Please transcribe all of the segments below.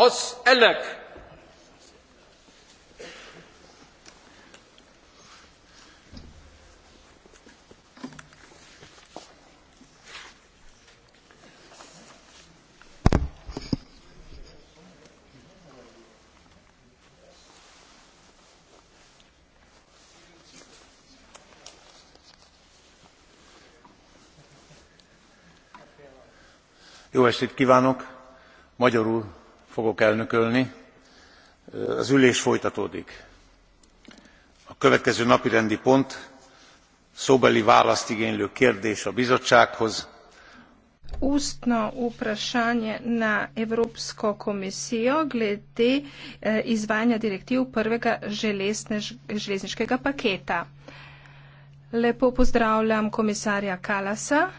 az ennek Jó estét kívánok! Magyarul fogok elnökölni az ülés folytatódik a következő napirendi pont szóbeli választ igénylő kérdés a bizottsághoz ustno vprašanje na evropsko komisijo glede eh, izvajanja direktiv prvega železniškega paketa lepo pozdravljam komisarja kallasa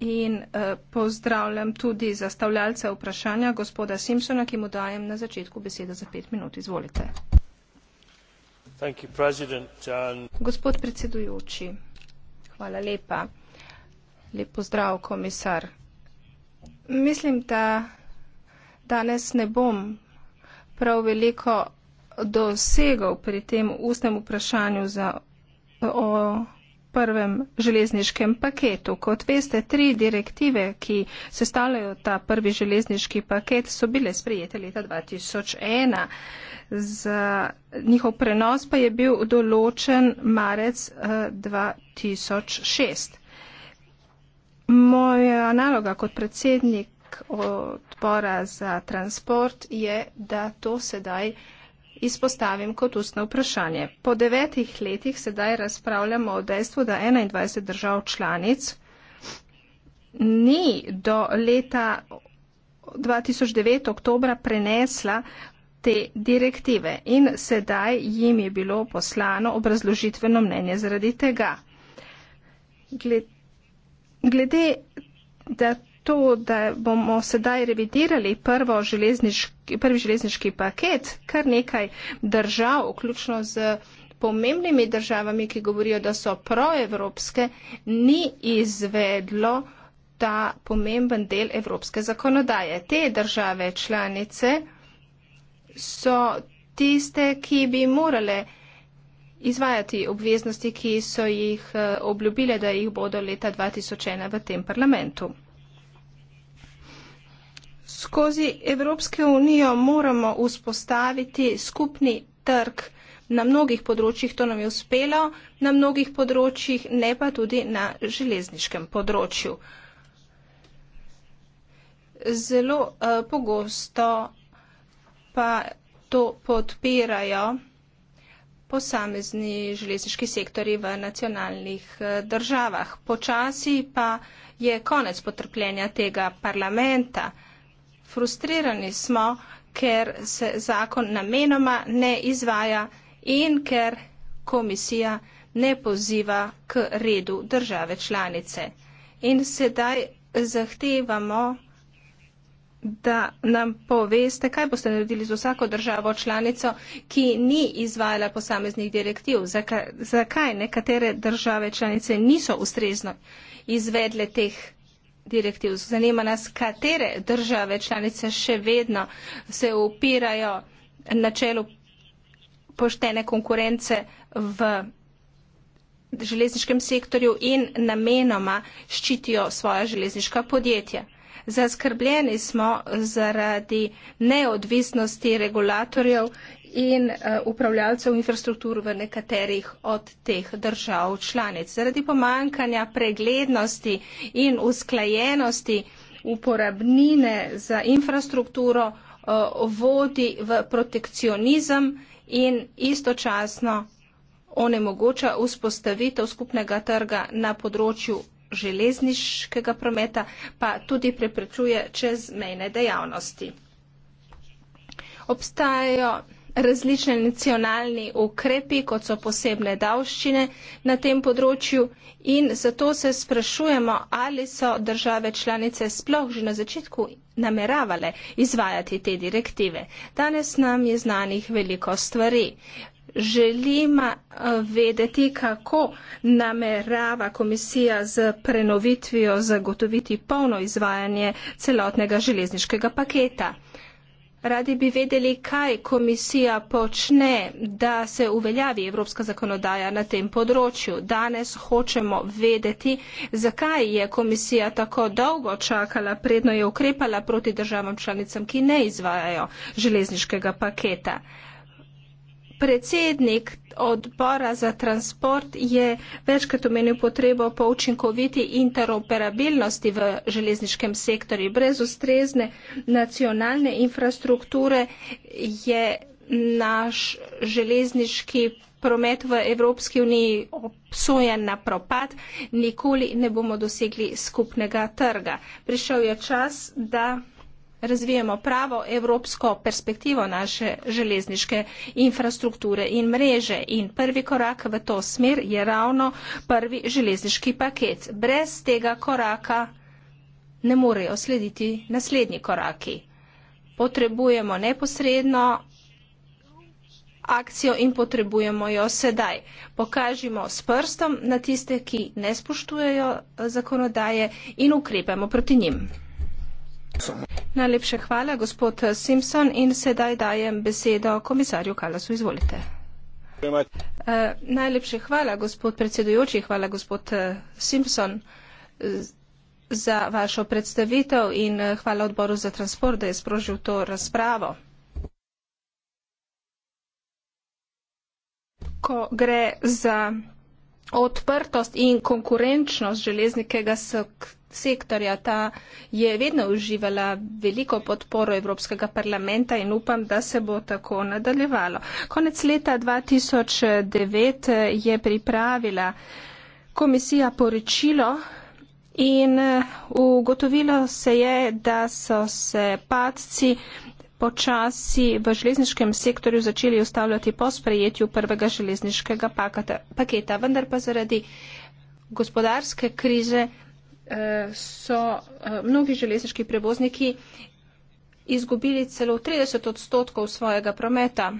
in eh, pozdravljam tudi zastavljalca vprašanja, gospoda Simpsona, ki mu dajem na začetku besedo za pet minut. Izvolite. Gospod predsedujoči, hvala lepa. Lep pozdrav, komisar. Mislim, da danes ne bom prav veliko dosegal pri tem ustnem vprašanju za, o prvem železniškem paketu. Kot veste, tri direktive, ki sestavljajo ta prvi železniški paket, so bile sprejete leta 2001. Za njihov prenos pa je bil določen marec 2006. Eh, Moja naloga kot predsednik odbora za transport je, da to sedaj izpostavim kot ustno vprašanje. Po devetih letih sedaj razpravljamo o dejstvu, da 21 držav članic ni do leta 2009 oktobra prenesla te direktive in sedaj jim je bilo poslano obrazložitveno mnenje zaradi tega. Glede, glede da to, da bomo sedaj revidirali železniški, prvi železniški paket, kar nekaj držav, vključno z pomembnimi državami, ki govorijo, da so proevropske, ni izvedlo ta pomemben del evropske zakonodaje. Te države članice so tiste, ki bi morale izvajati obveznosti, ki so jih eh, obljubile, da jih bodo leta 2001 v tem parlamentu. Skozi Evropsko unijo moramo vzpostaviti skupni trg. Na mnogih področjih to nam je uspelo, na mnogih področjih ne pa tudi na železniškem področju. Zelo uh, pogosto pa to podpirajo posamezni železniški sektori v nacionalnih eh, državah. Počasi pa je konec potrpljenja tega parlamenta. Frustrirani smo, ker se zakon namenoma ne izvaja in ker komisija ne poziva k redu države članice. In sedaj zahtevamo, da nam poveste, kaj boste naredili z vsako državo članico, ki ni izvajala posameznih direktiv, zakaj, zakaj nekatere države članice niso ustrezno izvedle teh direktiv. Zanima nas, katere države članice še vedno se upirajo načelu poštene konkurence v železniškem sektorju in namenoma ščitijo svoja železniška podjetja. Zaskrbljeni smo zaradi neodvisnosti regulatorjev in eh, upravljalcev infrastruktur v nekaterih od teh držav članic. Zaradi pomankanja preglednosti in usklajenosti uporabnine za infrastrukturo eh, vodi v protekcionizem in istočasno onemogoča vzpostavitev skupnega trga na področju železniškega prometa, pa tudi preprečuje čezmejne dejavnosti. Obstajajo različne nacionalni ukrepi, kot so posebne davščine na tem področju in zato se sprašujemo, ali so države članice sploh že na začetku nameravale izvajati te direktive. Danes nam je znanih veliko stvari. Želim eh, vedeti, kako namerava komisija z prenovitvijo zagotoviti polno izvajanje celotnega železniškega paketa. Radi bi vedeli, kaj komisija počne, da se uveljavi evropska zakonodaja na tem področju. Danes hočemo vedeti, zakaj je komisija tako dolgo čakala, predno je ukrepala proti državam članicam, ki ne izvajajo železniškega paketa predsednik odbora za transport je večkrat omenil potrebo po učinkoviti interoperabilnosti v železniškem sektorju. Brez ustrezne nacionalne infrastrukture je naš železniški promet v Evropski uniji obsojen na propad, nikoli ne bomo dosegli skupnega trga. Prišel je čas, da razvijemo pravo evropsko perspektivo naše železniške infrastrukture in mreže. In prvi korak v to smer je ravno prvi železniški paket. Brez tega koraka ne morejo slediti naslednji koraki. Potrebujemo neposredno akcijo in potrebujemo jo sedaj. Pokažimo s prstom na tiste, ki ne spoštujejo eh, zakonodaje in ukrepemo proti njim. Samo. Najlepše hvala, gospod Simpson. In sedaj dajem besedo komisarju Kalasu. Izvolite. Eh, najlepše hvala, gospod predsedujoči. Hvala, gospod eh, Simpson, za vašo predstavitev in eh, hvala odboru za transport, da je sprožil to razpravo. Ko gre za odprtost in konkurenčnost železnikega sektorja, sektorja, ta je vedno uživala veliko podporo Evropskega parlamenta in upam, da se bo tako nadaljevalo. Konec leta 2009 je pripravila komisija poročilo in eh, ugotovilo se je, da so se padci počasi v železniškem sektorju začeli ustavljati po sprejetju prvega železniškega paketa, vendar pa zaradi gospodarske krize so eh, mnogi železniški prevozniki izgubili celo 30 odstotkov svojega prometa.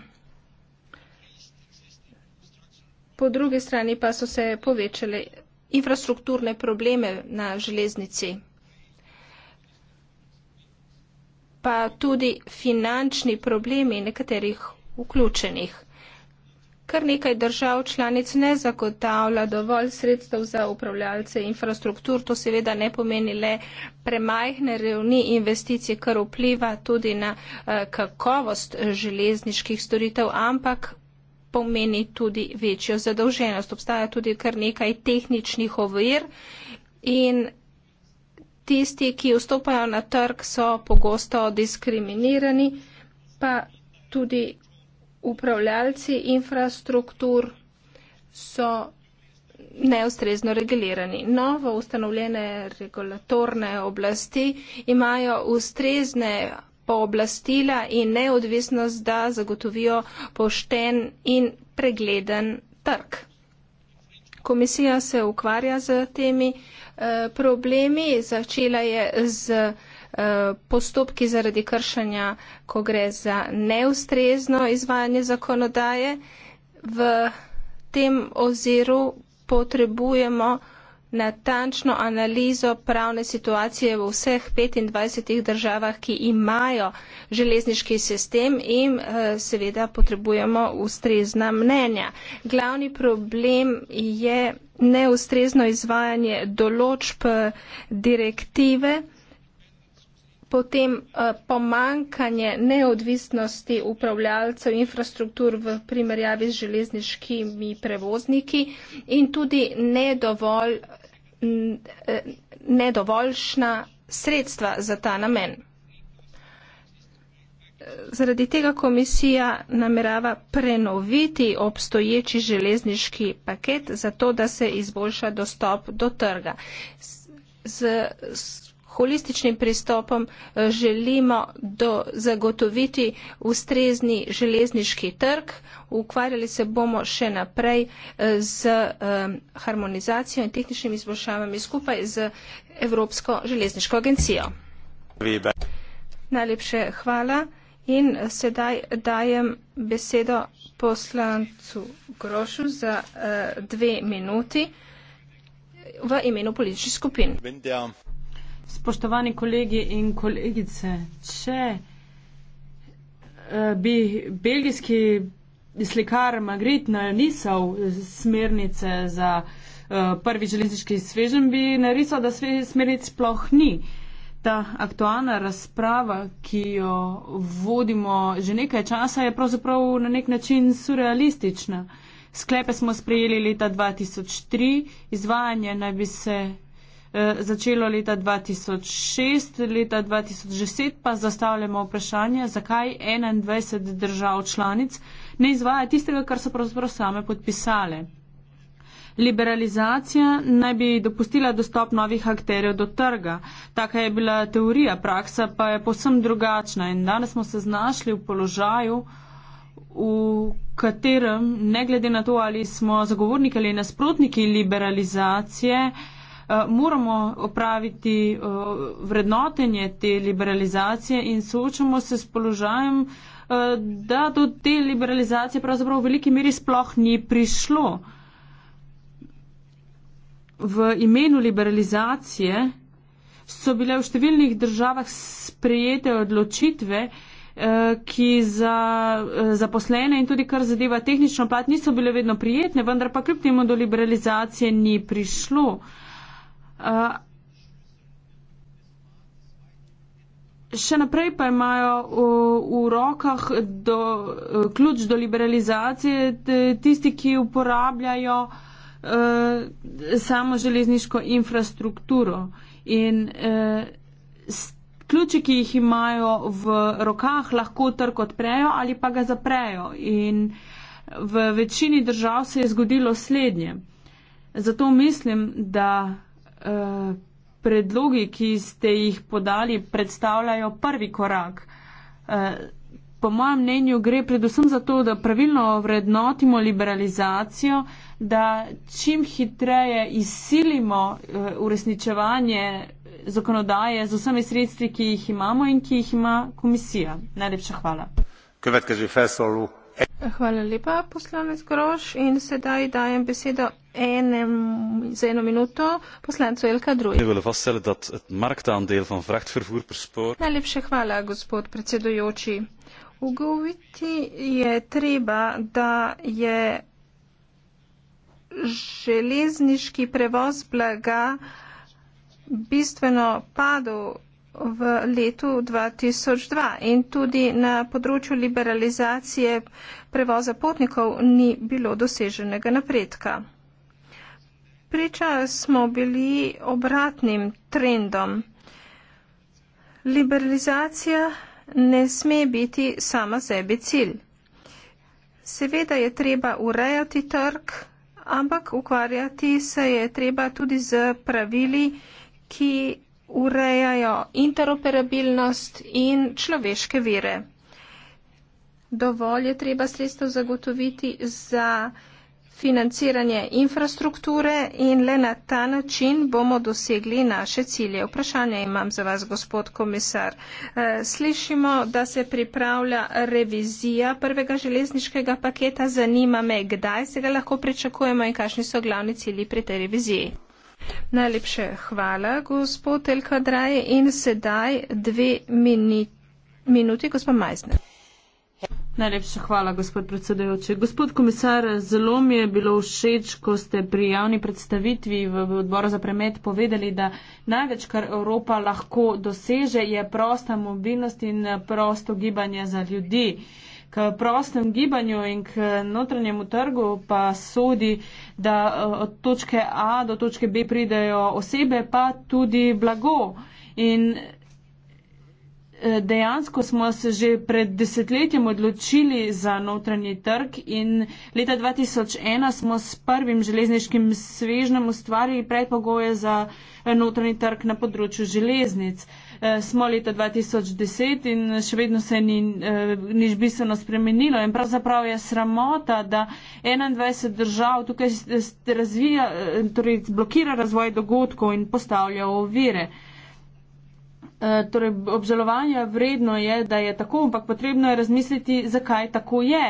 Po drugi strani pa so se povečale infrastrukturne probleme na železnici, pa tudi finančni problemi nekaterih vključenih kar nekaj držav članic ne zagotavlja dovolj sredstev za upravljalce infrastruktur. To seveda ne pomeni le premajhne ravni investicij, kar vpliva tudi na eh, kakovost eh, železniških storitev, ampak pomeni tudi večjo zadolženost. Obstaja tudi kar nekaj tehničnih ovir in tisti, ki vstopajo na trg, so pogosto diskriminirani, pa tudi upravljalci infrastruktur so neustrezno regulirani. Novo ustanovljene regulatorne oblasti imajo ustrezne pooblastila in neodvisnost, da zagotovijo pošten in pregleden trg. Komisija se ukvarja z temi eh, problemi, začela je z eh, Eh, postopki zaradi kršenja, ko gre za neustrezno izvajanje zakonodaje. V tem oziru potrebujemo natančno analizo pravne situacije v vseh 25 državah, ki imajo železniški sistem in eh, seveda potrebujemo ustrezna mnenja. Glavni problem je neustrezno izvajanje določb eh, direktive potem eh, pomankanje neodvisnosti upravljalcev infrastruktur v primerjavi z železniškimi prevozniki in tudi nedovolj, eh, nedovoljšna sredstva za ta namen. Zaradi tega komisija namerava prenoviti obstoječi železniški paket, zato da se izboljša dostop do trga. Z, z holističnim pristopom eh, želimo do, zagotoviti ustrezni železniški trg. Ukvarjali se bomo še naprej eh, z eh, harmonizacijo in tehničnimi izboljšavami skupaj z Evropsko železniško agencijo. Vibe. Najlepše hvala in sedaj dajem besedo poslancu Grošu za dve minuti v imenu političnih skupin. Vindja. Spoštovani kolegi in kolegice, če eh, bi belgijski slikar Magritte narisal smernice za eh, prvi železniški svežen, bi narisal, da smernic sploh ni. Ta aktualna razprava, ki jo vodimo že nekaj časa, je pravzaprav na nek način surrealistična. Sklepe smo sprejeli leta 2003, izvajanje naj bi se Eh, začelo leta 2006, leta 2010 pa zastavljamo vprašanje, zakaj 21 držav članic ne izvaja tistega, kar so pravzaprav same podpisale. Liberalizacija naj bi dopustila dostop novih akterjev do trga. Taka je bila teorija, praksa pa je posem drugačna in danes smo se znašli v položaju, v katerem, ne glede na to, ali smo zagovorniki ali nasprotniki liberalizacije, Eh, moramo opraviti eh, vrednotenje te liberalizacije in soočamo se s položajem, eh, da do te liberalizacije pravzaprav v veliki meri sploh ni prišlo. V imenu liberalizacije so bile v številnih državah sprejete odločitve, ki za zaposlene in tudi kar zadeva tehnično plat niso bile vedno prijetne, vendar pa kljub temu do liberalizacije ni prišlo. Še naprej pa imajo v, v rokah do, ključ do liberalizacije tisti, ki uporabljajo eh, samo železniško infrastrukturo. In eh, ključi, ki jih imajo v rokah, lahko trg odprejo ali pa ga zaprejo. In v večini držav se je zgodilo slednje. Zato mislim, da. Eh, predlogi, ki ste jih podali, predstavljajo prvi korak. Eh, po mojem mnenju gre predvsem za to, da pravilno vrednotimo liberalizacijo, da čim hitreje izsilimo eh, uresničevanje zakonodaje z vsemi sredstvi, ki jih imamo in ki jih ima komisija. Najlepša hvala. Következő felszóló Hvala lepa, poslanec Groš. In sedaj dajem besedo enem za eno minuto, poslancu Elka Druj. Najlepše hvala, gospod predsedujoči. Ugoviti je treba, da je železniški prevoz blaga bistveno padel v letu 2002 in tudi na področju liberalizacije prevoza potnikov ni bilo doseženega napredka. Priča smo bili obratnim trendom. Liberalizacija ne sme biti sama sebi cilj. Seveda je treba urejati trg, ampak ukvarjati se je treba tudi z pravili, ki urejajo interoperabilnost in človeške vire. Dovolj je treba sredstev zagotoviti za financiranje infrastrukture in le na ta način bomo dosegli naše cilje. Vprašanje imam za vas, gospod komisar. Eh, slišimo, da se pripravlja revizija prvega železniškega paketa. Zanima me, kdaj se ga lahko pričakujemo in kakšni so glavni cilji pri tej reviziji. Najlepše hvala, gospod Elka Draje. In sedaj dve minuti, minuti gospod Majzner. Najlepša hvala, gospod predsedajoči. Gospod komisar, zelo mi je bilo všeč, ko ste pri javni predstavitvi v odboru za premet povedali, da največ, kar Evropa lahko doseže, je prosta mobilnost in prosto gibanje za ljudi. Uh, k prostem gibanju in k notranjemu trgu pa sodi, da e, od točke A do točke B pridejo osebe, pa tudi blago. In e, dejansko smo se že pred desetletjem odločili za notranji trg in leta 2001 smo s prvim železniškim svežnem ustvarili predpogoje za e, notranji trg na področju železnic. Eh, smo leta 2010 in še vedno se ni eh, nič bistveno spremenilo. In pravzaprav je sramota, da 21 držav tukaj razvija, eh, torej blokira razvoj dogodkov in postavlja ovire. Torej, obžalovanja vredno je, da je tako, ampak potrebno je razmisliti, zakaj tako je.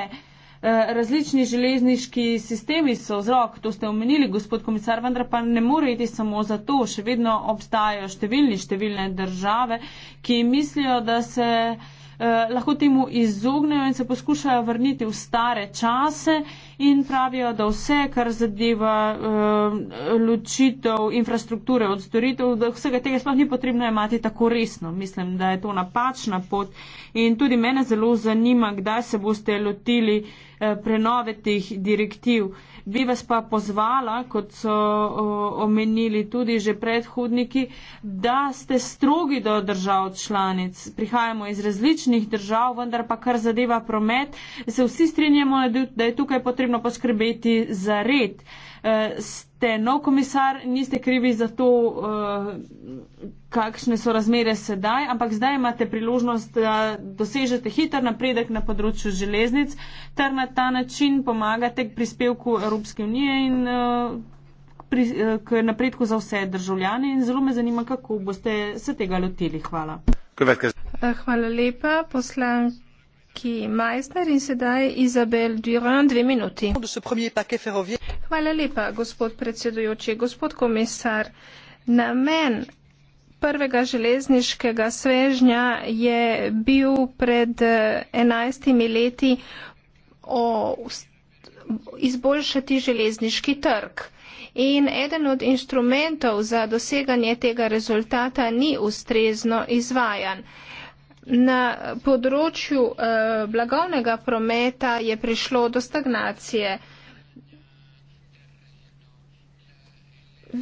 Eh, različni železniški sistemi so vzrok, to ste omenili, gospod komisar, vendar pa ne more iti samo za to. Še vedno obstajajo številni, številne države, ki mislijo, da se eh, lahko temu izognejo in se poskušajo vrniti v stare čase in pravijo, da vse, kar zadeva uh, ločitev infrastrukture od storitev, da vsega tega sploh ni potrebno imati tako resno. Mislim, da je to napačna pot in tudi mene zelo zanima, kdaj se boste lotili eh, prenove teh direktiv. Bi vas pa pozvala, kot so eh, omenili tudi že predhodniki, da ste strogi do držav članic. Prihajamo iz različnih držav, vendar pa kar zadeva promet, se vsi strinjamo, da je tukaj potrebno potrebno poskrbeti za red. Eh, ste nov komisar, niste krivi za to, eh, kakšne so razmere sedaj, ampak zdaj imate priložnost, da dosežete hiter napredek na področju železnic ter na ta način pomagate k prispevku Evropske unije in eh, pri, k napredku za vse državljane. In zelo me zanima, kako boste se tega lotili. Hvala. Hvala lepa. Poslanka. Vicky Meissner in sedaj Izabel Durand, dve minuti. Hvala lepa, gospod predsedujoči, gospod komisar. Namen prvega železniškega svežnja je bil pred eh, enajstimi leti o izboljšati železniški trg. In eden od inštrumentov za doseganje tega rezultata ni ustrezno izvajan. Na področju eh, blagovnega prometa je prišlo do stagnacije.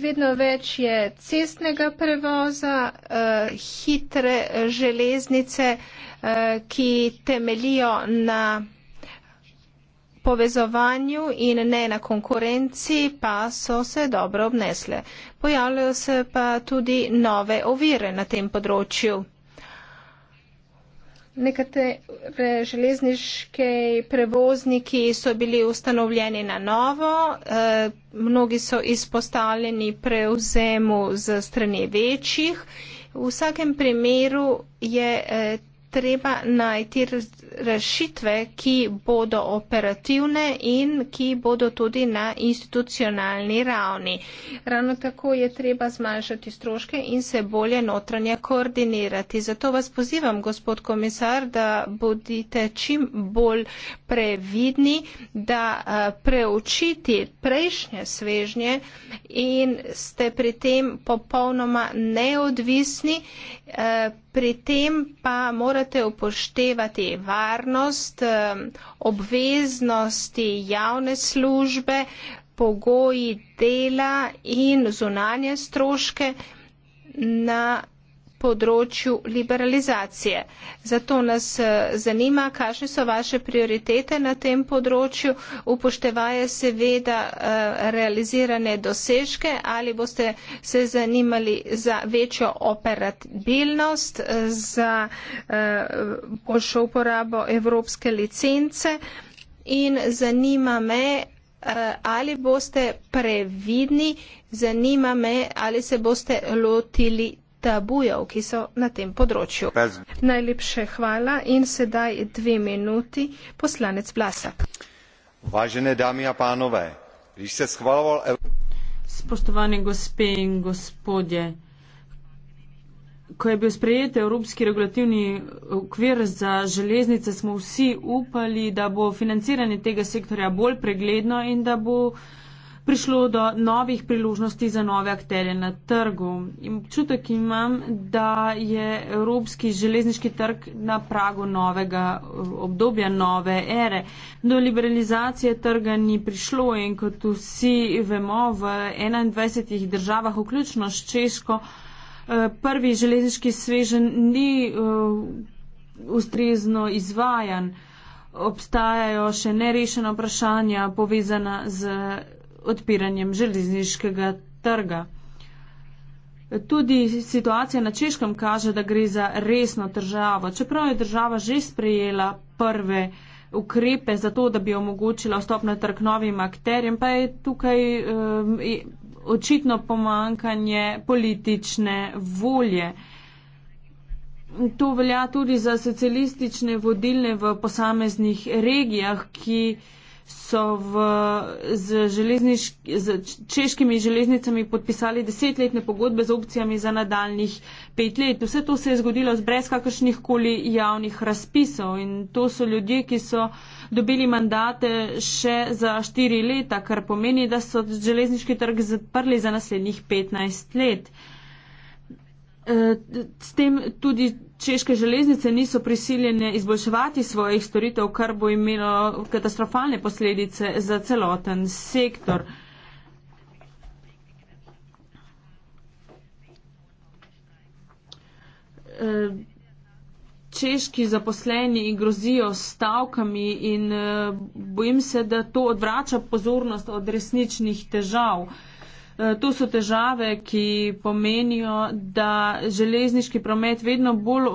Vedno več je cestnega prevoza, eh, hitre železnice, eh, ki temelijo na povezovanju in ne na konkurenci, pa so se dobro obnesle. Pojavljajo se pa tudi nove ovire na tem področju. Nekatere železniške prevozniki so bili ustanovljeni na novo, eh, mnogi so izpostavljeni prevzemu z strani večjih. V vsakem primeru je eh, treba najti rešitve, ki bodo operativne in ki bodo tudi na institucionalni ravni. Ravno tako je treba zmanjšati stroške in se bolje notranje koordinirati. Zato vas pozivam, gospod komisar, da bodite čim bolj previdni, da preučiti prejšnje svežnje in ste pri tem popolnoma neodvisni. Pri tem pa morate upoštevati varnost, obveznosti javne službe, pogoji dela in zunanje stroške na področju liberalizacije. Zato nas eh, zanima, kakšne so vaše prioritete na tem področju, upoštevaje seveda eh, realizirane dosežke ali boste se zanimali za večjo operabilnost, eh, za boljšo uporabo evropske licence in zanima me, ali boste previdni, zanima me, ali se boste lotili tabujev, ki so na tem področju. Bez. Najlepše hvala in sedaj dve minuti poslanec Vlasak. Važene dame in panove, když se schvaloval. Spoštovane gospe in gospodje, ko je bil sprejet Evropski regulativni okvir za železnice, smo vsi upali, da bo financiranje tega sektorja bolj pregledno in da bo prišlo do novih priložnosti za nove akterje na trgu. Občutek imam, da je evropski železniški trg na pragu novega eh, obdobja, nove ere. Do liberalizacije trga ni prišlo in kot vsi vemo, v 21 državah, vključno s Češko, eh, prvi železniški svežen ni eh, ustrezno izvajan. Obstajajo še nerešena vprašanja povezana z odpiranjem železniškega trga. Tudi situacija na Češkem kaže, da gre za resno državo. Čeprav je država že sprejela prve ukrepe za to, da bi omogočila vstop na trg novim akterjem, pa je tukaj um, očitno pomankanje politične volje. To velja tudi za socialistične vodilne v posameznih regijah, ki so v, z, z češkimi železnicami podpisali desetletne pogodbe z opcijami za nadaljnih pet let. Vse to se je zgodilo brez kakršnih koli javnih razpisov in to so ljudje, ki so dobili mandate še za štiri leta, kar pomeni, da so železniški trg zaprli za naslednjih 15 let. Eh, s tem tudi češke železnice niso prisiljene izboljševati svojih storitev, kar bo imelo katastrofalne posledice za celoten sektor. Eh, češki zaposleni grozijo stavkami in eh, bojim se, da to odvrača pozornost od resničnih težav. Eh, to so težave, ki pomenijo, da železniški promet vedno bolj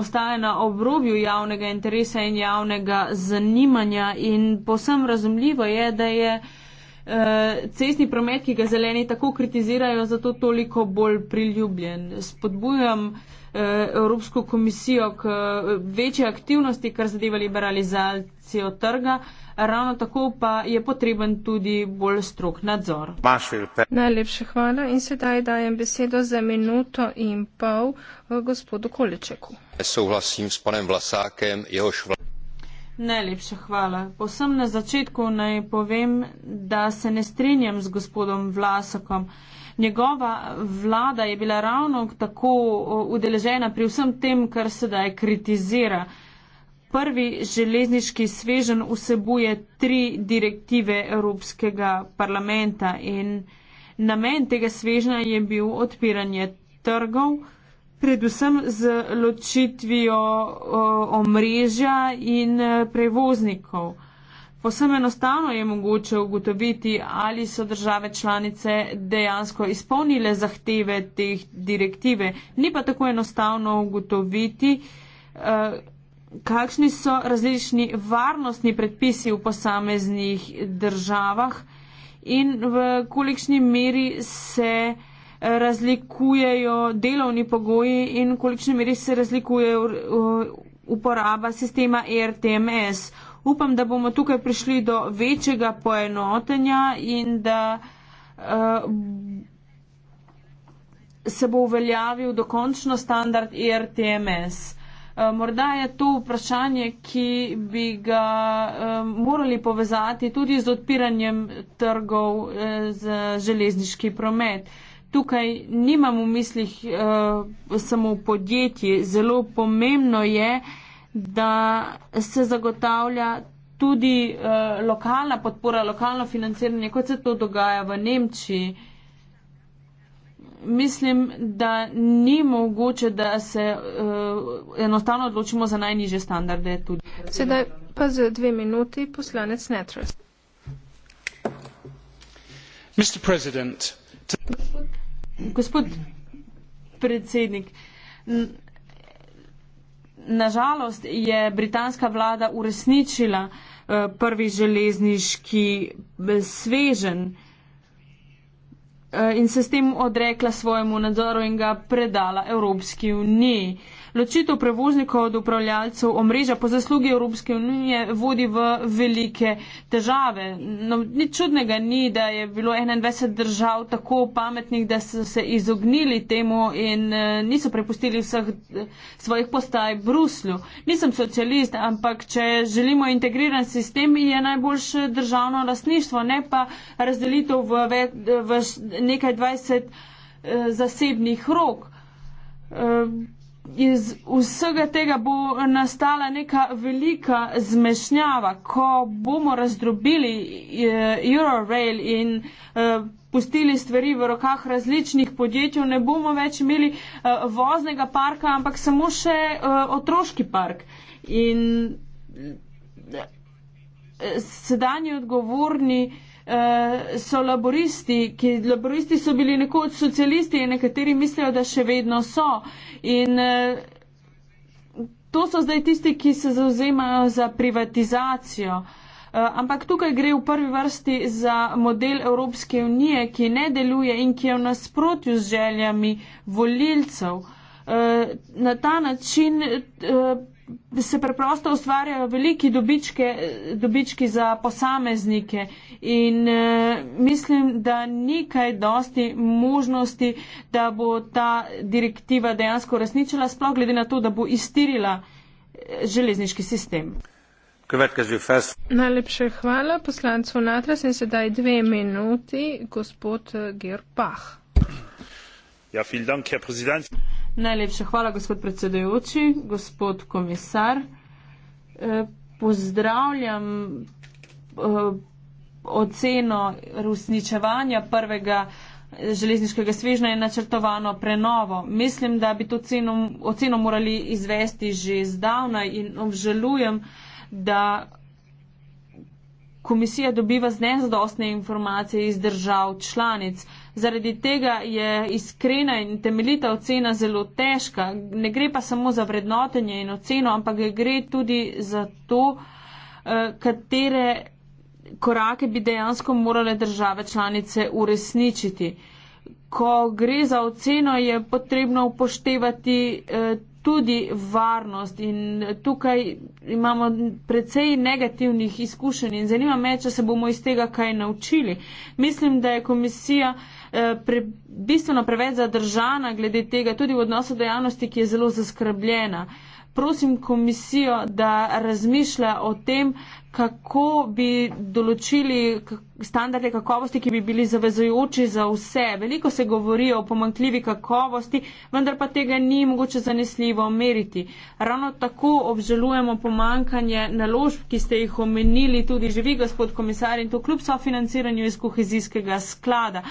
ostaje na obrobju javnega interesa in javnega zanimanja in posem razumljivo je, da je eh, cestni promet, ki ga zeleni tako kritizirajo, zato toliko bolj priljubljen. Spodbujam Eh, Evropsko komisijo k eh, večji aktivnosti, kar zadeva liberalizacijo trga. Ravno tako pa je potreben tudi bolj strok nadzor. Najlepše hvala in sedaj dajem besedo za minuto in pol eh, gospodu Kolečeku. Souhlasim s panem Vlasákem, jehož vlasák. Najlepša hvala. Povsem na začetku naj povem, da se ne strinjam z gospodom Vlasakom. Uh, njegova vlada je bila ravno tako udeležena pri vsem tem, kar sedaj kritizira. Prvi železniški svežen vsebuje tri direktive Evropskega parlamenta in namen tega svežna je bil odpiranje trgov, predvsem z ločitvijo omrežja in prevoznikov. Posem enostavno je mogoče ugotoviti, ali so države članice dejansko izpolnile zahteve teh direktive. Ni pa tako enostavno ugotoviti, eh, kakšni so različni varnostni predpisi v posameznih državah in v kolikšni meri se eh, razlikujejo delovni pogoji in v kolikšni meri se razlikuje eh, uporaba sistema e RTMS upam, da bomo tukaj prišli do večjega poenotenja in da uh, se bo uveljavil dokončno standard IRTMS. E eh, morda je to vprašanje, ki bi ga eh, morali povezati tudi z odpiranjem trgov za železniški promet. Tukaj nimam v mislih samo podjetji. Zelo pomembno je, da se zagotavlja tudi eh, lokalna podpora, lokalno financiranje, kot se to dogaja v Nemčiji. Mislim, da ni mogoče, da se uh, enostavno odločimo za najniže standarde. Tudi. Sedaj pa za dve minuti poslanec Netros. Gospod, gospod predsednik, nažalost je britanska vlada uresničila eh, prvi železniški eh, svežen eh, in se s tem odrekla svojemu nadzoru in ga predala Evropski uniji ločitev prevoznikov od upravljalcev omrežja po zaslugi Evropske unije vodi v velike težave. No, nič čudnega ni, da je bilo 21 držav tako pametnih, da so se izognili temu in eh, niso prepustili vseh eh, svojih postaj Bruslju. Nisem socialist, ampak če želimo integriran sistem, je najboljše državno lasništvo, ne pa razdelitev v, ve, v nekaj 20 eh, zasebnih rok iz vsega tega bo nastala neka velika zmešnjava, ko bomo razdrobili eh, Eurorail in eh, pustili stvari v rokah različnih podjetij, ne bomo več imeli eh, voznega parka, ampak samo še otroški park. In sedanji odgovorni uh, so laboristi, ki laboristi so bili nekoč socialisti in nekateri mislijo, da še vedno so. In uh, to so zdaj tisti, ki se zauzemajo za privatizacijo. Eh, ampak tukaj gre v prvi vrsti za model Evropske unije, ki ne deluje in ki je v nasprotju z željami voljivcev. Na ta način se preprosto ustvarjajo veliki dobičke, dobički za posameznike in e, mislim, da ni kaj dosti možnosti, da bo ta direktiva dejansko resničila, sploh glede na to, da bo iztirila eh, železniški sistem. Najlepše hvala poslancu Natras in sedaj dve minuti, gospod eh, Gerpah. Ja, vielen Dank, Herr Präsident. Najlepša hvala, gospod predsedujoči, gospod komisar. Eh, pozdravljam eh, oceno rusničevanja prvega eh, železniškega svežna in načrtovano prenovo. Mislim, da bi to ceno, oceno morali izvesti že zdavnaj in obžalujem, da komisija dobiva z nezadostne informacije iz držav članic. Zaradi tega je iskrena in temeljita ocena zelo težka. Ne gre pa samo za vrednotenje in oceno, ampak gre tudi za to, eh, katere korake bi dejansko morale države članice uresničiti. Ko gre za oceno, je potrebno upoštevati eh, tudi varnost in tukaj imamo precej negativnih izkušenj in zanima me, če se bomo iz tega kaj naučili. Mislim, da je komisija eh, pre, bistveno preveč zadržana glede tega, tudi v odnosu do javnosti, ki je zelo zaskrbljena. Prosim komisijo, da razmišlja o tem, kako bi določili standarde kakovosti, ki bi bili zavezujoči za vse. Veliko se govori o pomankljivi kakovosti, vendar pa tega ni mogoče zanesljivo meriti. Ravno tako obžalujemo pomankanje naložb, ki ste jih omenili tudi že vi, gospod komisar, in to kljub sofinanciranju iz kohezijskega sklada.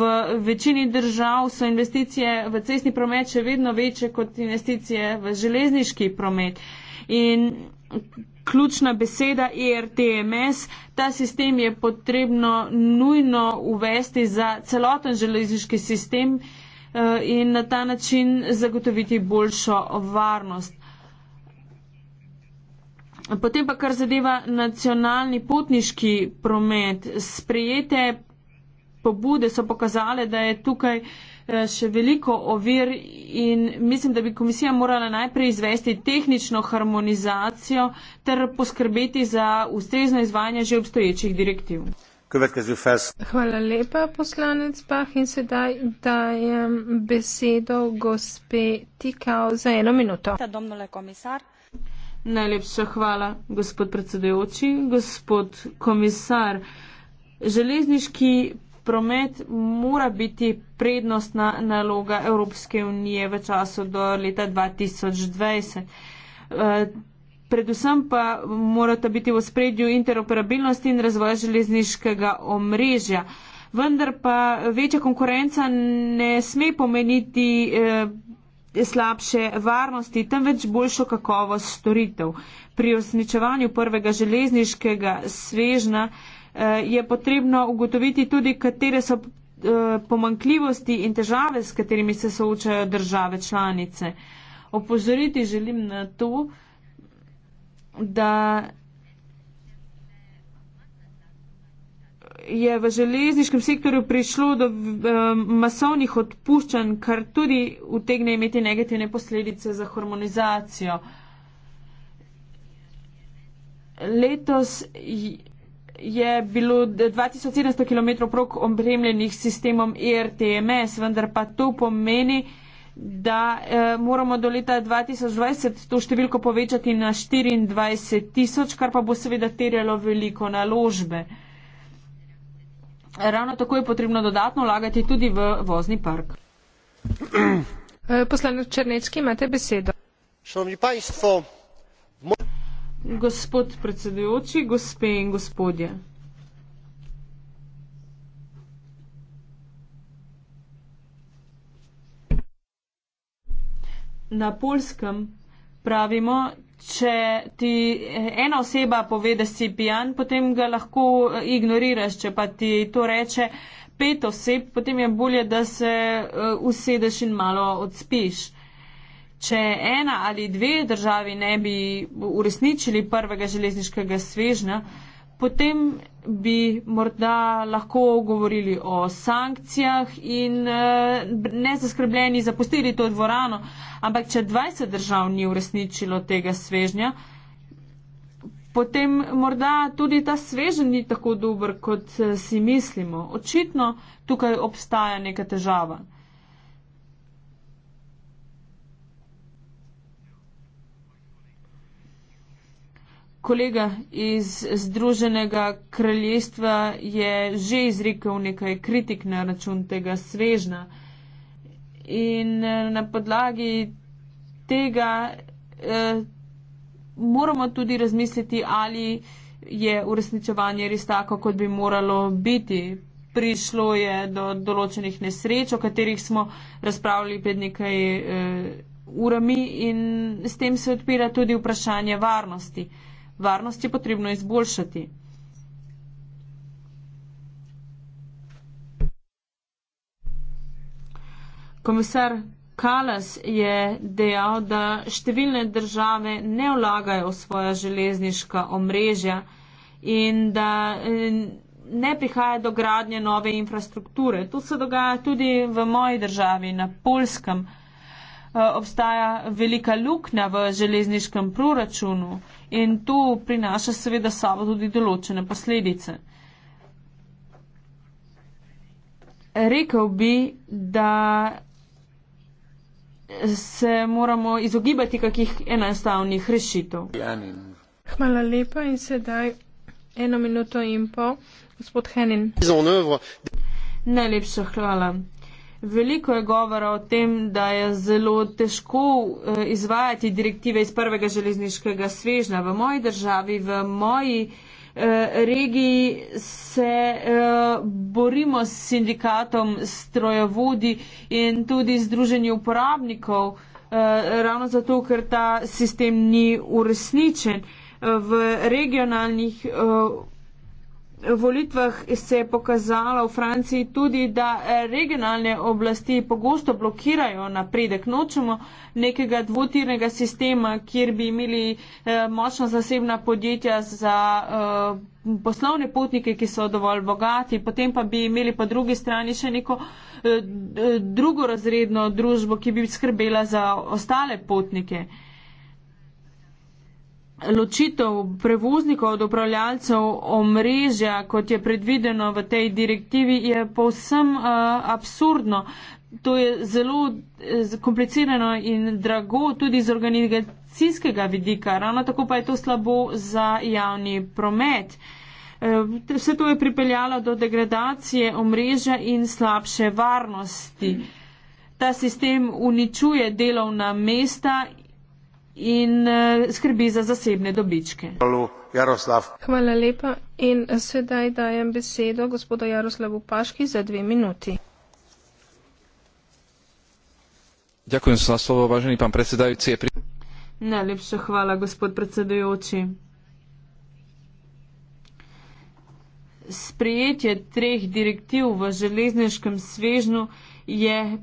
V večini držav so investicije v cestni promet še vedno večje kot investicije v železniški promet. In ključna beseda ERTMS. Ta sistem je potrebno nujno uvesti za celoten železniški sistem eh, in na ta način zagotoviti boljšo varnost. Potem pa kar zadeva nacionalni potniški promet. Sprejete pobude so pokazale, da je tukaj uh, Eh, še veliko ovir in mislim, da bi komisija morala najprej izvesti tehnično harmonizacijo ter poskrbeti za ustrezno izvajanje že obstoječih direktiv. Hvala lepa, poslanec Bah, in sedaj dajem besedo gospe Tikao za eno minuto. Najlepša hvala, gospod predsedujoči, gospod komisar. Železniški promet mora biti prednostna naloga Evropske unije v času do leta 2020. Eh, predvsem pa morata biti v spredju interoperabilnosti in razvoja železniškega omrežja. Vendar pa večja konkurenca ne sme pomeniti eh, slabše varnosti, temveč boljšo kakovost storitev. Pri osničevanju prvega železniškega svežna Eh, je potrebno ugotoviti tudi, katere so eh, pomankljivosti in težave, s katerimi se soočajo države članice. Opozoriti želim na to, da je v železniškem sektorju prišlo do eh, masovnih odpuščanj, kar tudi utegne imeti negativne posledice za harmonizacijo. Letos je bilo 2700 km prog omremljenih s sistemom ERTMS, vendar pa to pomeni, da eh, moramo do leta 2020 to številko povečati na 24 tisoč, kar pa bo seveda terjalo veliko naložbe. Ravno tako je potrebno dodatno vlagati tudi v vozni park. Eh, poslanec Črnecki, imate besedo. Šlo mi pa isto. Gospod predsedujoči, gospe in gospodje. Na polskem pravimo, če ti ena oseba pove, da si pijan, potem ga lahko ignoriraš, če pa ti to reče pet oseb, potem je bolje, da se eh, usedeš in malo odspiš. Če ena ali dve državi ne bi uresničili prvega železniškega svežnja, potem bi morda lahko govorili o sankcijah in eh, nezaskrbljeni zapustili to dvorano. Ampak če 20 držav ni uresničilo tega svežnja, potem morda tudi ta svežen ni tako dober, kot eh, si mislimo. Očitno tukaj obstaja neka težava. kolega iz Združenega kraljestva je že izrekel nekaj kritik na račun tega svežna. In eh, na podlagi tega eh, moramo tudi razmisliti, ali je uresničevanje res tako, kot bi moralo biti. Prišlo je do določenih nesreč, o katerih smo razpravljali pred nekaj eh, urami in s tem se odpira tudi vprašanje varnosti. Eh, Varnost je potrebno izboljšati. Komisar Kalas je dejal, da številne države ne vlagajo v svoja železniška omrežja in da eh, ne prihaja do gradnje nove infrastrukture. To se dogaja tudi v moji državi, na Polskem. Eh, obstaja velika luknja v železniškem proračunu in to prinaša seveda sabo tudi določene posledice. Rekel bi, da se moramo izogibati kakih enostavnih rešitev. Hvala lepa in sedaj eno minuto in pol, gospod Henin. Najlepša hvala. Veliko je govora o tem, da je zelo težko eh, izvajati direktive iz prvega železniškega svežna. V moji državi, v moji eh, regiji se eh, borimo s sindikatom strojevodi in tudi združenji uporabnikov, ravno zato, ker ta sistem ni uresničen. V regionalnih volitvah se je pokazalo v Franciji tudi, da regionalne oblasti pogosto blokirajo napredek. Nočemo nekega dvotirnega sistema, kjer bi imeli eh, močno zasebna podjetja za eh, poslovne potnike, ki so dovolj bogati, potem pa bi imeli po drugi strani še neko eh, drugorazredno družbo, ki bi skrbela za ostale potnike ločitev prevoznikov od upravljalcev omrežja, kot je predvideno v tej direktivi, je povsem uh, absurdno. To je zelo uh, komplicirano in drago tudi z organizacijskega vidika, ravno tako pa je to slabo za javni promet. Eh, vse to je pripeljalo do degradacije omrežja in slabše varnosti. Ta sistem uničuje delovna mesta in eh, skrbi za zasebne dobičke. Hvala lepa in eh, sedaj dajem besedo gospodu Jaroslavu Paški za dve minuti. Ďakujem za slovo, vážený pán predsedajúci. Pri... Najlepšia chvála, gospod predsedajúci. Sprijetie treh direktív v železniškom svežnu je uh,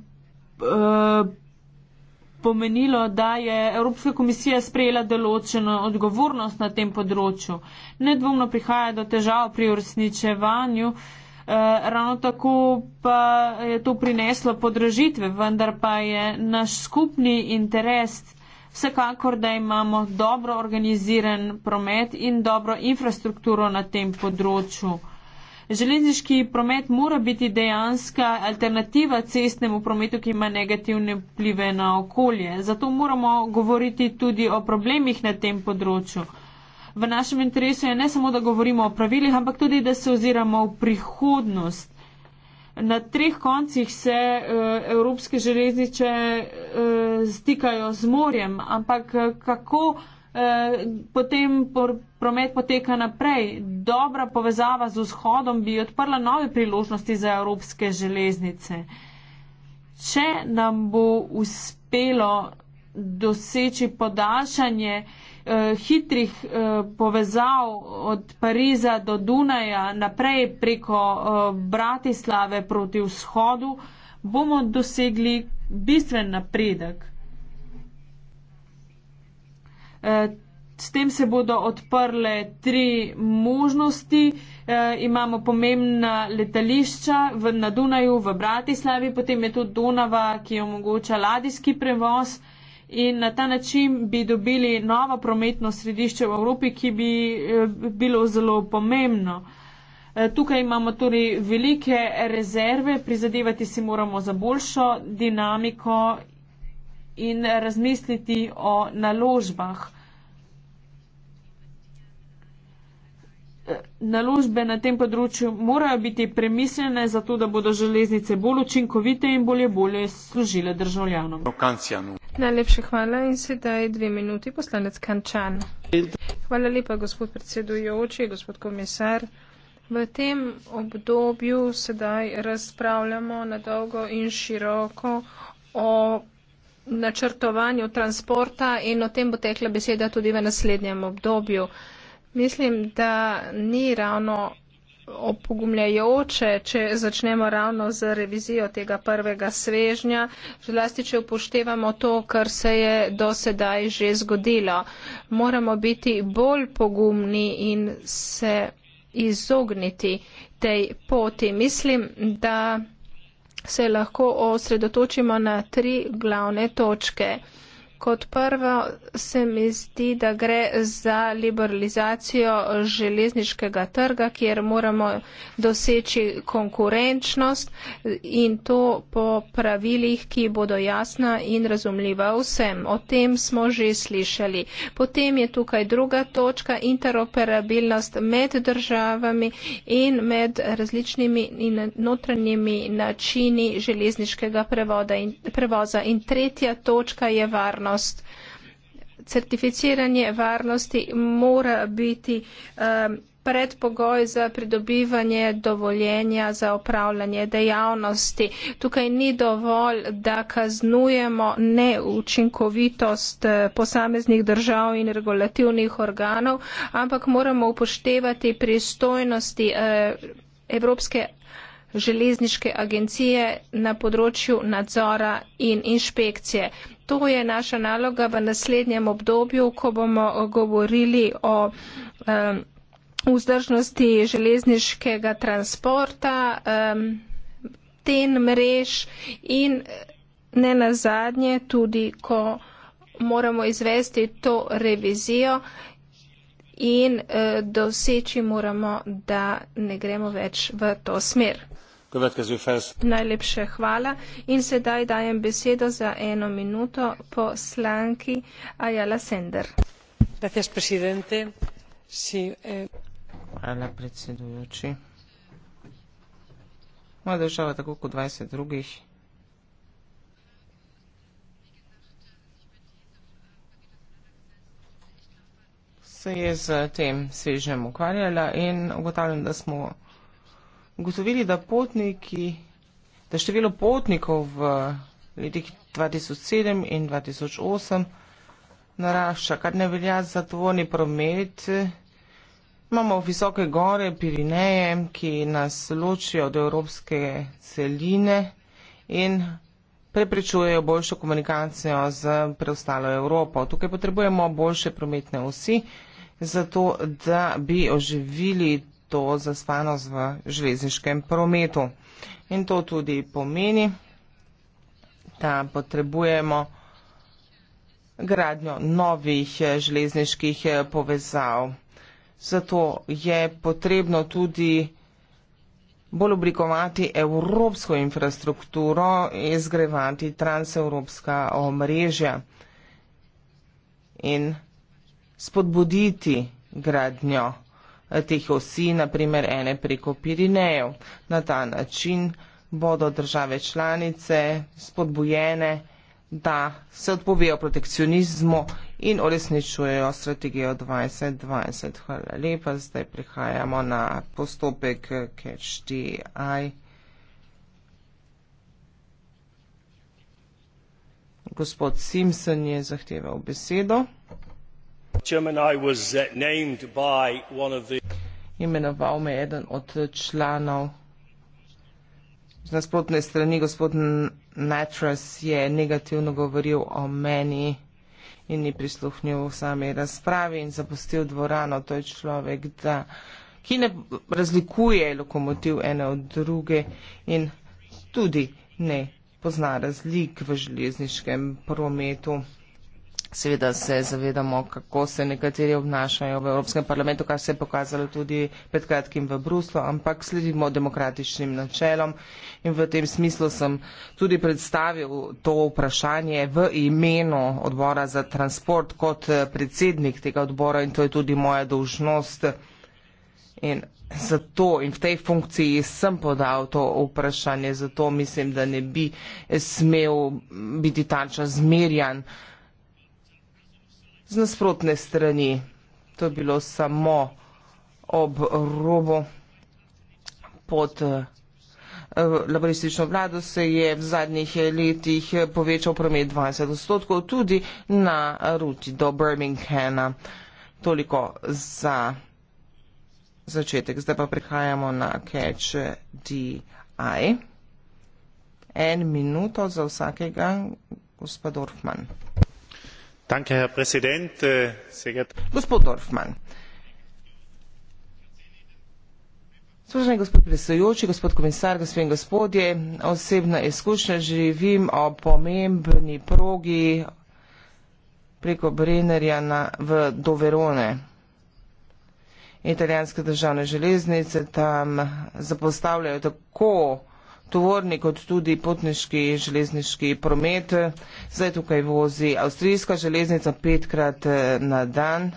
pomenilo, da je Evropska komisija sprejela določeno odgovornost na tem področju. Nedvomno prihaja do težav pri uresničevanju, eh, ravno tako pa je to prineslo podražitve, vendar pa je naš skupni interes vsekakor, da imamo dobro organiziran promet in dobro infrastrukturo na tem področju. Železniški promet mora biti dejanska alternativa cestnemu prometu, ki ima negativne vplive na okolje. Zato moramo govoriti tudi o problemih na tem področju. V našem interesu je ne samo, da govorimo o pravilih, ampak tudi, da se oziramo v prihodnost. Na treh koncih se uh, evropske železniče uh, eh, stikajo z morjem, ampak eh, kako. Uh, Eh, potem promet poteka naprej. Dobra povezava z vzhodom bi odprla nove priložnosti za evropske železnice. Če nam bo uspelo doseči podaljšanje eh, hitrih eh, povezav od Pariza do Dunaja naprej preko Bratislave proti vzhodu, bomo dosegli bistven napredek. Eh, s tem se bodo odprle tri možnosti. E, imamo pomembna letališča v, na Dunaju, v Bratislavi, potem je tu Dunava, ki omogoča ladijski prevoz in na ta način bi dobili novo prometno središče v Evropi, ki bi e, bilo zelo pomembno. E, tukaj imamo tudi velike rezerve, prizadevati si moramo za boljšo dinamiko in razmisliti o naložbah. Naložbe na tem področju morajo biti premislene, zato da bodo železnice bolj učinkovite in bolje bolje služile državljanom. Najlepše hvala in sedaj dve minuti poslanec Kančan. Hvala lepa, gospod predsedujoči, gospod komisar. V tem obdobju sedaj razpravljamo na dolgo in široko o načrtovanju transporta in o tem bo tekla beseda tudi v naslednjem obdobju. Mislim, da ni ravno opogumljajoče, če začnemo ravno z revizijo tega prvega svežnja, zlasti če upoštevamo to, kar se je do sedaj že zgodilo. Moramo biti bolj pogumni in se izogniti tej poti. Mislim, da se lahko osredotočimo na tri glavne točke. Kot prvo se mi zdi, da gre za liberalizacijo železniškega trga, kjer moramo doseči konkurenčnost in to po pravilih, ki bodo jasna in razumljiva vsem. O tem smo že slišali. Potem je tukaj druga točka, interoperabilnost med državami in med različnimi in notranjimi načini železniškega prevoda in, prevoza. In tretja točka je varnost varnost. Certificiranje varnosti mora biti um, predpogoj za pridobivanje dovoljenja za opravljanje dejavnosti. Tukaj ni dovolj, da kaznujemo neučinkovitost eh, posameznih držav in regulativnih organov, ampak moramo upoštevati pristojnosti eh, Evropske železniške agencije na področju nadzora in inšpekcije. To je naša naloga v naslednjem obdobju, ko bomo govorili o um, vzdržnosti železniškega transporta, um, ten mrež in ne nazadnje tudi, ko moramo izvesti to revizijo in uh, doseči moramo, da ne gremo več v to smer. Najlepše hvala. In sedaj dajem besedo za eno minuto poslanki Ajala Sender. Eh. Hvala, predsedujoči. Moja država, tako kot 20 drugih, se je z tem svežem ukvarjala in ugotavljam, da smo ugotovili, da, potniki, da število potnikov v letih 2007 in 2008 narašča, kar ne velja za tvorni promet. Imamo visoke gore, Pirineje, ki nas ločijo od evropske celine in preprečujejo boljšo komunikacijo z preostalo Evropo. Tukaj potrebujemo boljše prometne vsi, zato da bi oživili to zaspanost v železniškem prometu. In to tudi pomeni, da potrebujemo gradnjo novih železniških povezav. Zato je potrebno tudi bolj oblikovati evropsko infrastrukturo in izgrevati transevropska omrežja in spodbuditi gradnjo teh osi, naprimer ene preko Pirinejev. Na ta način bodo države članice spodbujene, da se odpovejo protekcionizmu in uresničujejo strategijo 2020. Hvala lepa, zdaj prihajamo na postopek CHDI. Gospod Simpson je zahteval besedo. Uh, Imenoval me je eden od članov z nasprotne strani, gospod Natras je negativno govoril o meni in ni prisluhnil v sami razpravi in zapustil dvorano. To je človek, da, ki ne razlikuje lokomotiv ene od druge in tudi ne pozna razlik v železniškem prometu. Seveda se zavedamo, kako se nekateri obnašajo v Evropskem parlamentu, kar se je pokazalo tudi pred kratkim v Bruslu, ampak sledimo demokratičnim načelom in v tem smislu sem tudi predstavil to vprašanje v imenu odbora za transport kot predsednik tega odbora in to je tudi moja dolžnost. In zato in v tej funkciji sem podal to vprašanje, zato mislim, da ne bi smel biti tarča zmerjan z nasprotne strani. To je bilo samo ob robu pod eh, laboristično vlado se je v zadnjih letih povečal promet 20 odstotkov tudi na ruti do Birminghama. Toliko za začetek. Zdaj pa prihajamo na Catch DI. En minuto za vsakega, gospod Orfman. Äh, gospod dorfmann spoštovani gospod predsedujoči gospod komisar gospe in gospodje osebna izkušnja živim ob pomembni progi preko brennerja na v do verone italijanske državne železnice tam zapostavljajo tako tovorni kot tudi potniški železniški promet. Zdaj tukaj vozi avstrijska železnica petkrat eh, na dan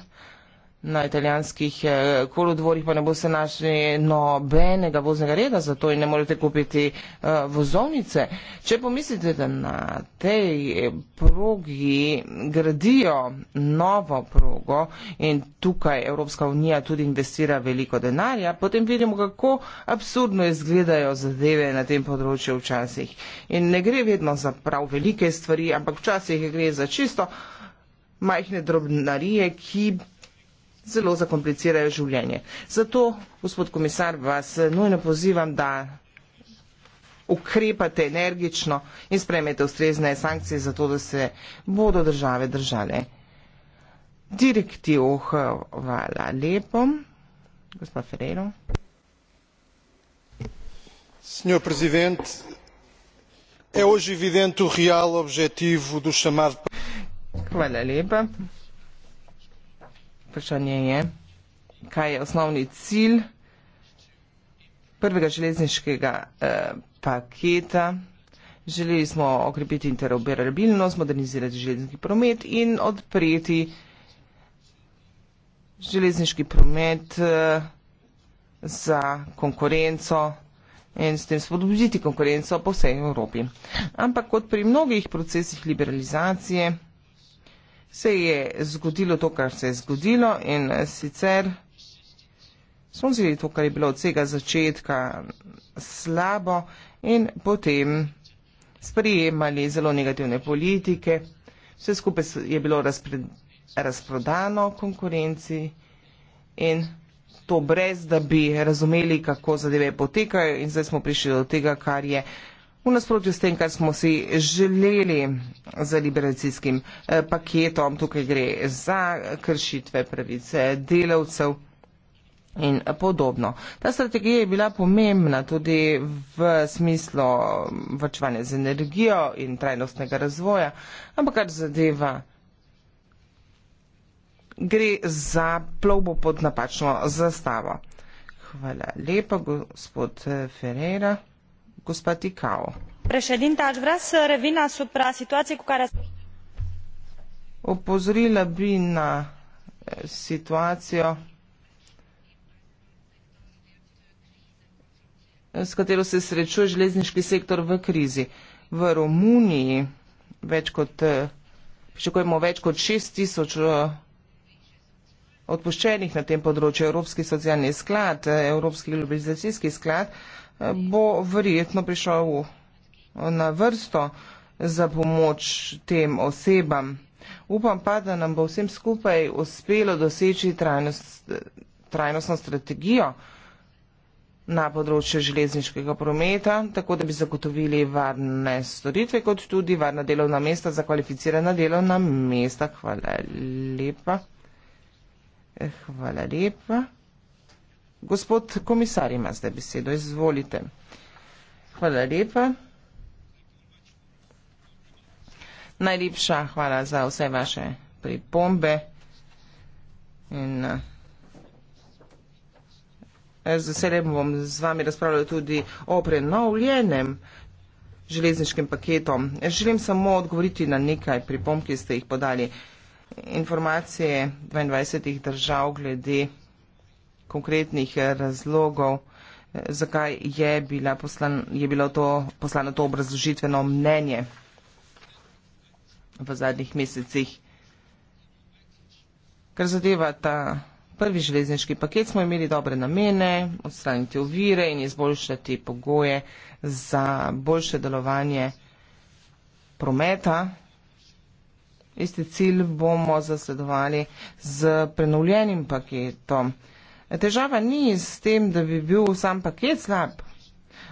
na italijanskih eh, kolodvorih pa ne boste našli nobenega voznega reda, zato in ne morete kupiti uh, vozovnice. Če pomislite, da na tej eh, progi gradijo novo progo in tukaj Evropska unija tudi investira veliko denarja, potem vidimo, kako absurdno izgledajo zadeve na tem področju včasih. In ne gre vedno za prav velike stvari, ampak včasih gre za čisto majhne drobnarije, ki zelo zakomplicirajo življenje. Zato, gospod komisar, vas eh, nujno pozivam, da ukrepate energično in sprejmete ustrezne sankcije za to, da se bodo države držale. Direktivo, hvala lepo. Gospod Ferrero. Senhor Presidente, é hoje evidente o real objetivo do chamado. Hvala lepa vprašanje je, kaj je osnovni cilj prvega železniškega eh, paketa. Želeli smo okrepiti interoperabilnost, modernizirati železniški promet in odpreti železniški promet eh, za konkurenco in s tem spodbuditi konkurenco po vsej Evropi. Ampak kot pri mnogih procesih liberalizacije, se je zgodilo to, kar se je zgodilo in sicer smo vzeli to, kar je bilo od vsega začetka slabo in potem sprijemali zelo negativne politike. Vse skupaj je bilo razpred, razprodano konkurenci in to brez, da bi razumeli, kako zadeve potekajo in zdaj smo prišli do tega, kar je v nasprotju s tem, kar smo si želeli za liberacijskim eh, paketom. Tukaj gre za kršitve pravice eh, delavcev. In podobno. Ta strategija je bila pomembna tudi v smislu mm, vrčevanja z energijo in trajnostnega razvoja, ampak kar zadeva, gre za plovbo pod napačno zastavo. Hvala lepa, gospod eh, Ferreira. Opozorila bi na eh, situacijo, s katero se srečuje železniški sektor v krizi. V Romuniji več kot, eh, pričakujemo več kot 6 tisoč eh, odpuščenih na tem področju. Evropski socialni sklad, Evropski globalizacijski sklad bo verjetno prišel na vrsto za pomoč tem osebam. Upam pa, da nam bo vsem skupaj uspelo doseči trajnost, trajnostno strategijo na področju železniškega prometa, tako da bi zagotovili varne storitve, kot tudi varna delovna mesta za kvalificirana delovna mesta. Hvala lepa. Hvala lepa. Gospod komisar ima zdaj besedo, izvolite. Hvala lepa. Najlepša hvala za vse vaše pripombe. In, eh, z veseljem bom z vami razpravljal tudi o prenovljenem železniškem paketom. Želim samo odgovoriti na nekaj pripomb, ki ste jih podali. Informacije 22 držav glede konkretnih eh, razlogov, eh, zakaj je, bila poslan, je bilo to, poslano to obrazložitveno mnenje v zadnjih mesecih. Kar zadeva ta prvi železniški paket, smo imeli dobre namene, odstraniti ovire in izboljšati pogoje za boljše delovanje prometa. Isti cilj bomo zasledovali z prenovljenim paketom. Težava ni s tem, da bi bil sam paket slab,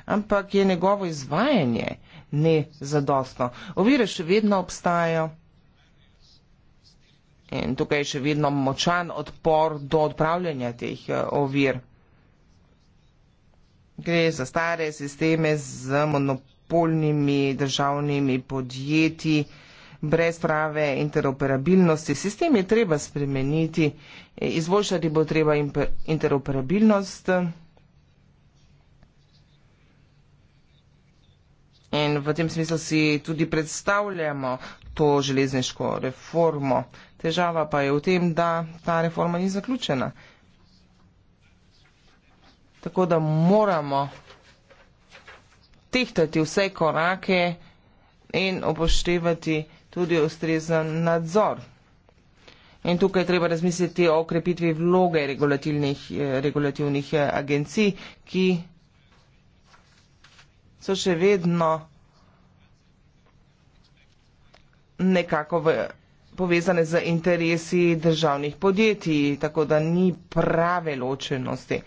ampak je njegovo izvajanje ne zadostno. Ovire še vedno obstajajo in tukaj je še vedno močan odpor do odpravljanja teh eh, ovir. Gre za stare sisteme z monopolnimi državnimi podjetji brez prave interoperabilnosti. Sistem je treba spremeniti, izboljšati bo treba interoperabilnost. In v tem smislu si tudi predstavljamo to železniško reformo. Težava pa je v tem, da ta reforma ni zaključena. Tako da moramo tehtati vse korake in upoštevati tudi ustrezen nadzor. In tukaj je treba razmisliti o okrepitvi vloge eh, regulativnih, regulativnih agencij, ki so še vedno nekako v, povezane z interesi državnih podjetij, tako da ni prave ločenosti.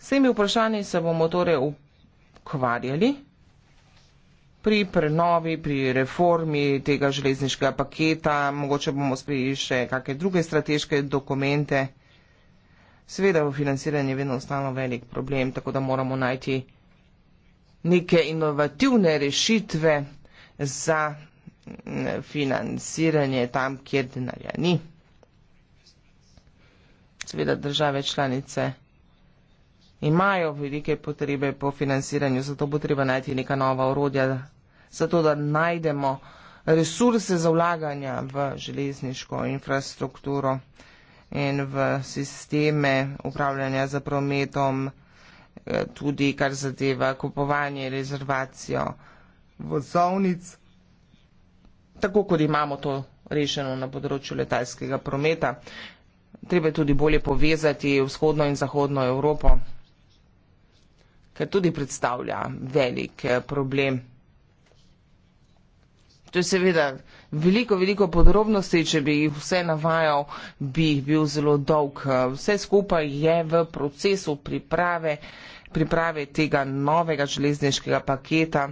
S temi vprašanji se bomo torej ukvarjali pri prenovi, pri reformi tega železniškega paketa, mogoče bomo sprejeli še kakšne druge strateške dokumente. Seveda bo financiranje vedno ostalo velik problem, tako da moramo najti neke inovativne rešitve za mm, financiranje tam, kjer denarja ni. Seveda države članice imajo velike potrebe po financiranju, zato bo treba najti neka nova orodja, zato da najdemo resurse za vlaganja v železniško infrastrukturo in v sisteme upravljanja za prometom, eh, tudi kar zadeva kupovanje, rezervacijo vozovnic, tako kot imamo to rešeno na področju letalskega prometa. Treba je tudi bolje povezati vzhodno in zahodno Evropo kar tudi predstavlja velik eh, problem. To je seveda veliko, veliko podrobnosti, če bi jih vse navajal, bi bil zelo dolg. Vse skupaj je v procesu priprave, priprave tega novega železniškega paketa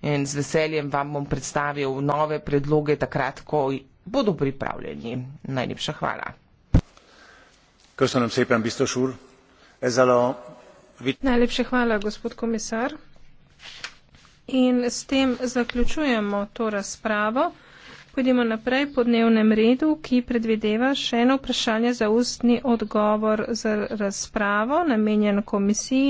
in z veseljem vam bom predstavil nove predloge takrat, ko bodo pripravljeni. Najlepša hvala. Köszönöm szépen, biztos úr. Ezzel a Najlepša hvala, gospod komisar. In s tem zaključujemo to razpravo. Pojdimo naprej po dnevnem redu, ki predvideva še eno vprašanje za ustni odgovor za razpravo namenjen komisiji.